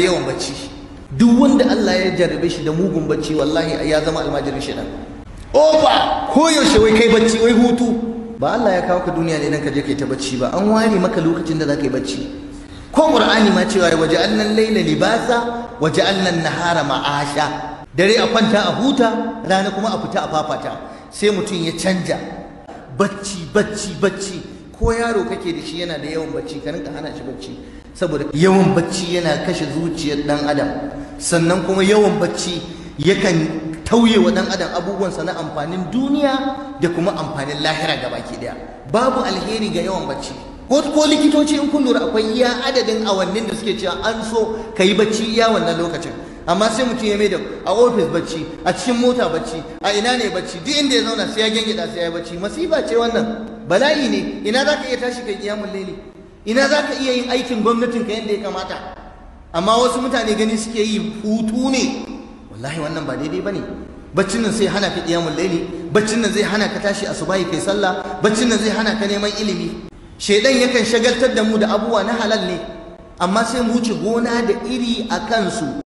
yawan bacci duk wanda Allah ya jarabe shi da mugun bacci wallahi ya zama almajirin shi dan oba ko yaushe wai kai bacci wai hutu ba Allah ya kawo ka duniya ne dan ka je kai ta bacci ba an ware maka lokacin da za ka yi bacci ko qur'ani ma cewa ya waje al laila libasa waja'alna an-nahara ma'asha dare a kwanta a huta rana kuma a fita a fafata sai mutum ya canja bacci bacci bacci ko yaro kake da shi yana da yawan bacci ka rinka hana shi bacci saboda yawan bacci yana kashe zuciyar dan adam sannan kuma yawan bacci yakan tauye wa dan adam abubuwansa na amfanin duniya da kuma amfanin lahira gabaki daya babu alheri ga yawan bacci ko ko likitoci in kun lura akwai iya adadin awannin da suke cewa an so ka yi bacci iya wannan lokacin amma sai mutum ya mai da a ofis bacci a cikin mota bacci a ina ne bacci duk inda ya zauna sai ya gengida sai ya bacci masifa ce wannan bala'i ne ina za ka iya tashi kai kiyamun laili ina za ka iya yin aikin gwamnatinka yadda ya kamata amma wasu mutane gani suke yi hutu ne wallahi wannan ba daidai ba ne baccin nan sai hana ka ƙiyamun laili baccin nan zai hana ka tashi a asubahi kai sallah baccin nan zai hana ka neman ilimi shaidan yakan shagaltar da mu da abubuwa na halal ne amma sai mu wuce gona da iri a kansu